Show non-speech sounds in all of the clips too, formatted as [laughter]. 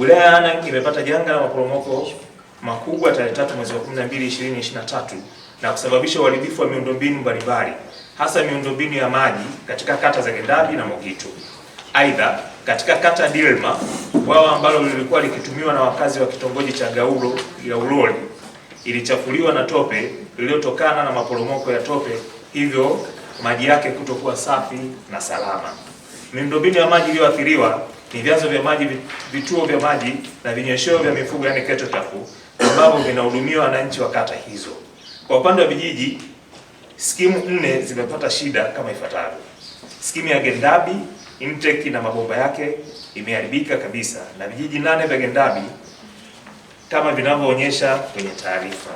Wilaya ya Hanang' imepata janga la maporomoko makubwa tarehe 3 mwezi wa 12 2023 na kusababisha uharibifu wa miundombinu mbalimbali hasa miundombinu ya maji katika kata za Gendabi na Mogito. Aidha, katika kata Dilma bwawa ambalo lilikuwa likitumiwa na wakazi wa kitongoji cha Gauro ya Uloli ilichafuliwa na tope iliyotokana na maporomoko ya tope, hivyo maji yake kutokuwa safi na salama. Miundombinu ya maji iliyoathiriwa ni vyanzo vya maji, vituo vya maji na vinyesheo vya mifugo, yani keto tafu, ambavyo vinahudumia wananchi wa kata hizo. Kwa upande wa vijiji, skimu nne zimepata shida kama ifuatavyo. Skimu ya Gendabi intake na mabomba yake imeharibika kabisa na vijiji nane vya Gendabi kama vinavyoonyesha kwenye taarifa.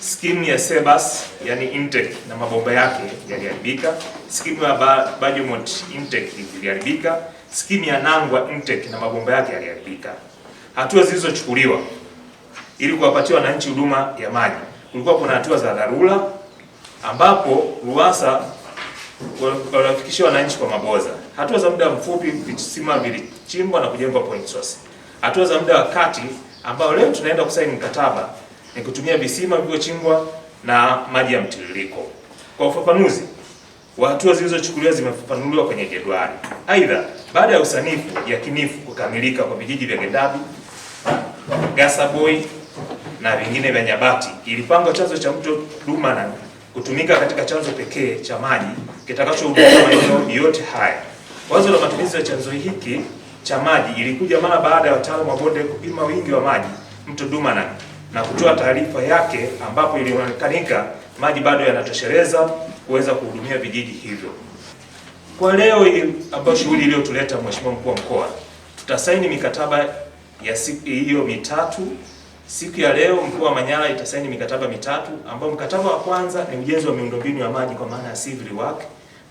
Skimu ya Sebas yani intake na mabomba yake yaliharibika. Skimu ya Bajumont intake iliharibika skimu ya Nangwa Mtech na mabomba yake yaliharibika. Hatua zilizochukuliwa ili kuwapatia wananchi huduma ya maji, kulikuwa kuna hatua za dharura ambapo RUWASA waliwafikishia wananchi kwa maboza. Hatua za muda mfupi, visima vilichimbwa na kujengwa point source. Hatua za muda wa kati, ambayo leo tunaenda kusaini mkataba, ni kutumia visima vilivyochimbwa na maji ya mtiririko. Kwa ufafanuzi wa hatua zilizochukuliwa zimefafanuliwa kwenye jedwali. Aidha, baada ya usanifu yakinifu kukamilika kwa vijiji vya Gendabi, Gasaboi na vingine vya Nyabati, ilipangwa chanzo cha mto Duma kutumika katika chanzo pekee cha maji kitakachohudumia maeneo yote haya. Wazo la matumizi ya chanzo hiki cha maji ilikuja mara baada ya wataalamu wa bonde kupima wingi wa maji mto Dumana na kutoa taarifa yake, ambapo ilionekanika maji bado yanatosheleza kuweza kuhudumia vijiji hivyo. Kwa leo ambayo shughuli iliyotuleta Mheshimiwa Mkuu wa Mkoa, tutasaini mikataba ya siku hiyo mitatu. Siku ya leo mkuu wa Manyara itasaini mikataba mitatu, ambao mkataba wa kwanza ni ujenzi wa miundombinu ya maji kwa maana ya civil work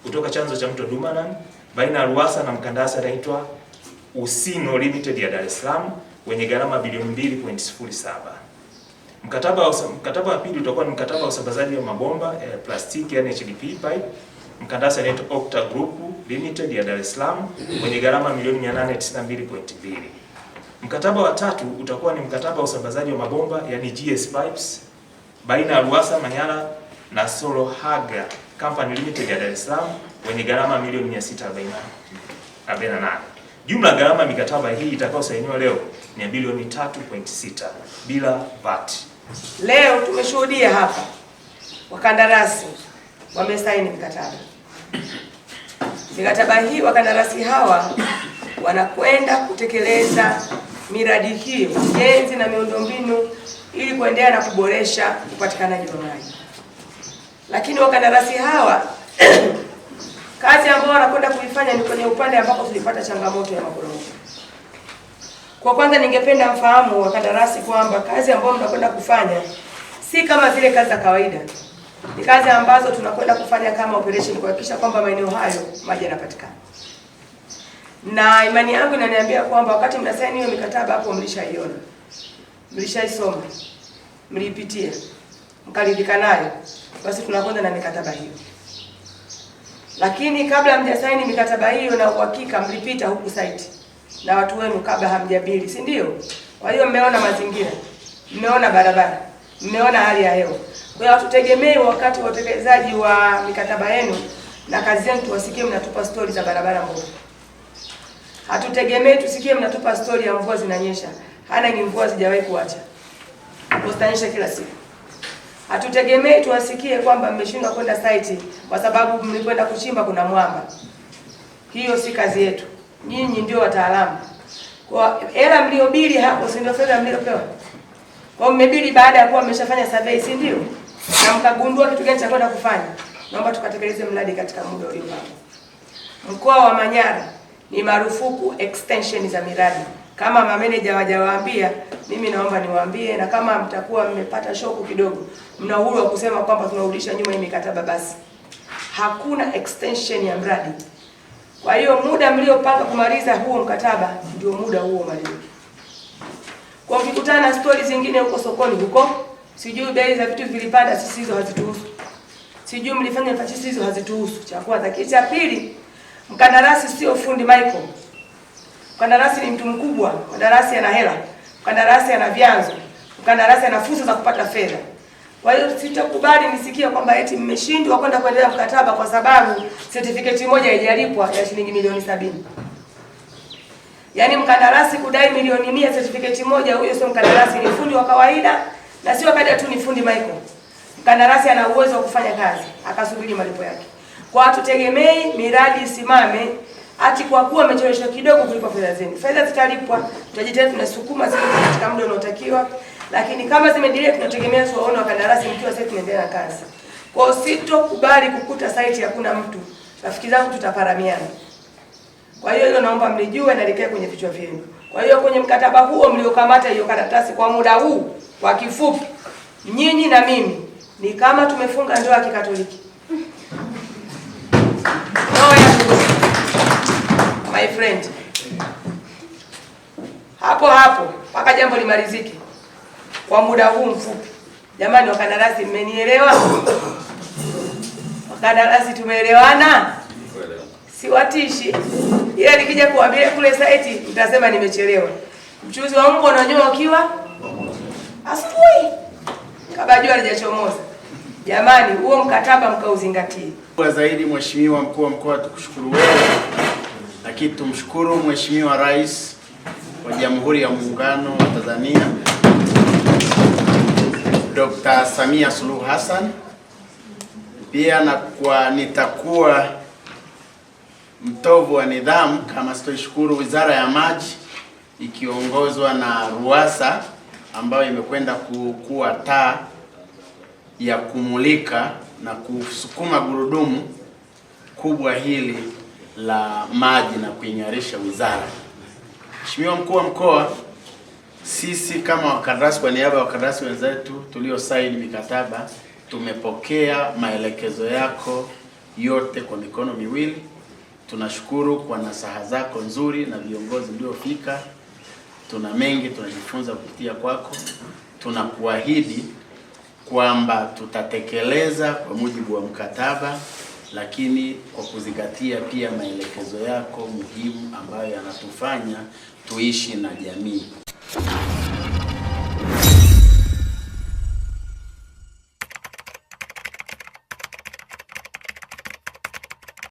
kutoka chanzo cha mto Dumanan baina ya ruasa na mkandarasi anaitwa Usino Limited ya Dar es Salaam wenye gharama bilioni 2.07. Mkataba wa mkataba wa pili utakuwa ni mkataba wa usambazaji wa mabomba eh, plastiki yani HDP pipe. Mkandarasi anaitwa Octa Group Limited ya Dar es Salaam mwenye gharama milioni 892.2. Mkataba wa tatu utakuwa ni mkataba wa usambazaji wa mabomba yani GS pipes baina ya ruasa Manyara na Haga Company Limited ya Dar es Salaam wenye gharama milioni 648. Jumla gharama mikataba hii itakayosainiwa leo ni bilioni 3.6 bila VAT. Leo tumeshuhudia hapa wakandarasi wamesaini mikataba. Mikataba hii wakandarasi hawa wanakwenda kutekeleza miradi hiyo, ujenzi na miundombinu, ili kuendelea na kuboresha upatikanaji wa maji. Lakini wakandarasi hawa [clears throat] kazi ambayo wanakwenda kuifanya ni kwenye upande ambapo tulipata changamoto ya maporomoko. Kwa kwanza, ningependa mfahamu wakandarasi kwamba kazi ambayo mnakwenda kufanya si kama zile kazi za kawaida, ni kazi ambazo tunakwenda kufanya kama operation kuhakikisha kwamba maeneo hayo maji yanapatikana, na imani yangu inaniambia kwamba wakati mnasaini hiyo mikataba hapo mlishaiona, mlishaisoma, mliipitia, mkaridhika nayo, basi tunakwenda na mikataba hiyo. Lakini kabla mjasaini mikataba hiyo, na uhakika mlipita huku site na watu wenu kabla hamjabili, si ndio? Kwa hiyo mmeona mazingira, mmeona barabara, mmeona hali ya hewa. Kwa hiyo hatutegemei wakati wa utekelezaji wa mikataba yenu na kazi zenu tuwasikie mnatupa stori za barabara mbovu. Hatutegemei tusikie mnatupa stori ya mvua zinanyesha, hana ni mvua zijawahi kuacha kustanyesha kila siku. Hatutegemei tuwasikie kwamba mmeshindwa kwenda site kwa sababu mlikwenda kuchimba kuna mwamba. Hiyo si kazi yetu nyinyi ndio wataalamu kwa hela mliobili hapo, si ndio fedha mliopewa? Kwa mmebili baada ya kuwa mmeshafanya survey, si ndio? Na mkagundua kitu gani cha kwenda kufanya. Naomba tukatekeleze mradi katika muda uliopangwa. Mkoa wa Manyara ni marufuku extension za miradi. Kama mameneja wajawaambia, mimi naomba niwaambie, na kama mtakuwa mmepata shoku kidogo, mna uhuru wa kusema kwamba tunarudisha nyuma hii mikataba. Basi hakuna extension ya mradi kwa hiyo muda mliopanga kumaliza huo mkataba ndio muda huo malizike. Kwa mkikutana stori zingine huko sokoni huko, sijui bei za vitu vilipanda, sisi hizo hazituhusu, sijui mlifanya sisi hizo hazituhusu. Cha kwanza. Cha pili, mkandarasi sio fundi Michael. Mkandarasi ni mtu mkubwa, mkandarasi ana hela, mkandarasi ana vyanzo, mkandarasi ana fursa za kupata fedha. Kwa hiyo sitakubali nisikia kwamba eti mmeshindwa kwenda kuendelea mkataba kwa sababu certificate moja haijalipwa ya shilingi milioni sabini. Yaani mkandarasi kudai milioni mia certificate moja, huyo sio mkandarasi, ni fundi wa kawaida na sio kaja tu ni fundi Michael. Mkandarasi ana uwezo wa kufanya kazi akasubiri malipo yake. Kwa hatutegemei miradi isimame ati kwa kuwa amecheleweshwa kidogo kulipa fedha zenu. Fedha zitalipwa, tutajitahidi tunasukuma zile katika muda unaotakiwa lakini kama zimeendelea, tunategemea tuwaone wakandarasi mkiwa sasa tunaendelea na kazi. Kwa hiyo sitokubali kukuta site hakuna mtu, rafiki zangu, tutaparamiana. Kwa hiyo hilo naomba mlijue na likae kwenye vichwa vyenu. Kwa hiyo kwenye mkataba huo mliokamata hiyo karatasi kwa muda huu, kwa kifupi, nyinyi na mimi ni kama tumefunga ndoa ya Kikatoliki. My friend, hapo hapo mpaka jambo limalizike kwa muda huu mfupi. Jamani wakandarasi, mmenielewa? Wakandarasi, tumeelewana? Siwatishi, ila nikija kuambia kule saiti mtasema nimechelewa. Mchuzi wa Mungu unanyua ukiwa asubuhi, kabla jua lijachomoza. Jamani, huo mkataba mkauzingatie zaidi. Mheshimiwa mkuu wa mkoa, tukushukuru wewe, lakini tumshukuru Mheshimiwa Rais wa Jamhuri ya Muungano wa Tanzania. Dr. Samia Suluhu Hassan. Pia na kwa nitakuwa mtovu wa nidhamu kama sitoishukuru Wizara ya Maji ikiongozwa na RUWASA ambayo imekwenda kuwa taa ya kumulika na kusukuma gurudumu kubwa hili la maji na kuing'arisha wizara. Mheshimiwa Mkuu wa Mkoa sisi kama wakandarasi, kwa niaba ya wakandarasi wenzetu tuliosaini mikataba, tumepokea maelekezo yako yote kwa mikono miwili. Tunashukuru kwa nasaha zako nzuri na viongozi mliofika. Tuna mengi tunajifunza kupitia kwako. Tunakuahidi kwamba tutatekeleza kwa mujibu wa mkataba, lakini kwa kuzingatia pia maelekezo yako muhimu ambayo yanatufanya tuishi na jamii. Come on.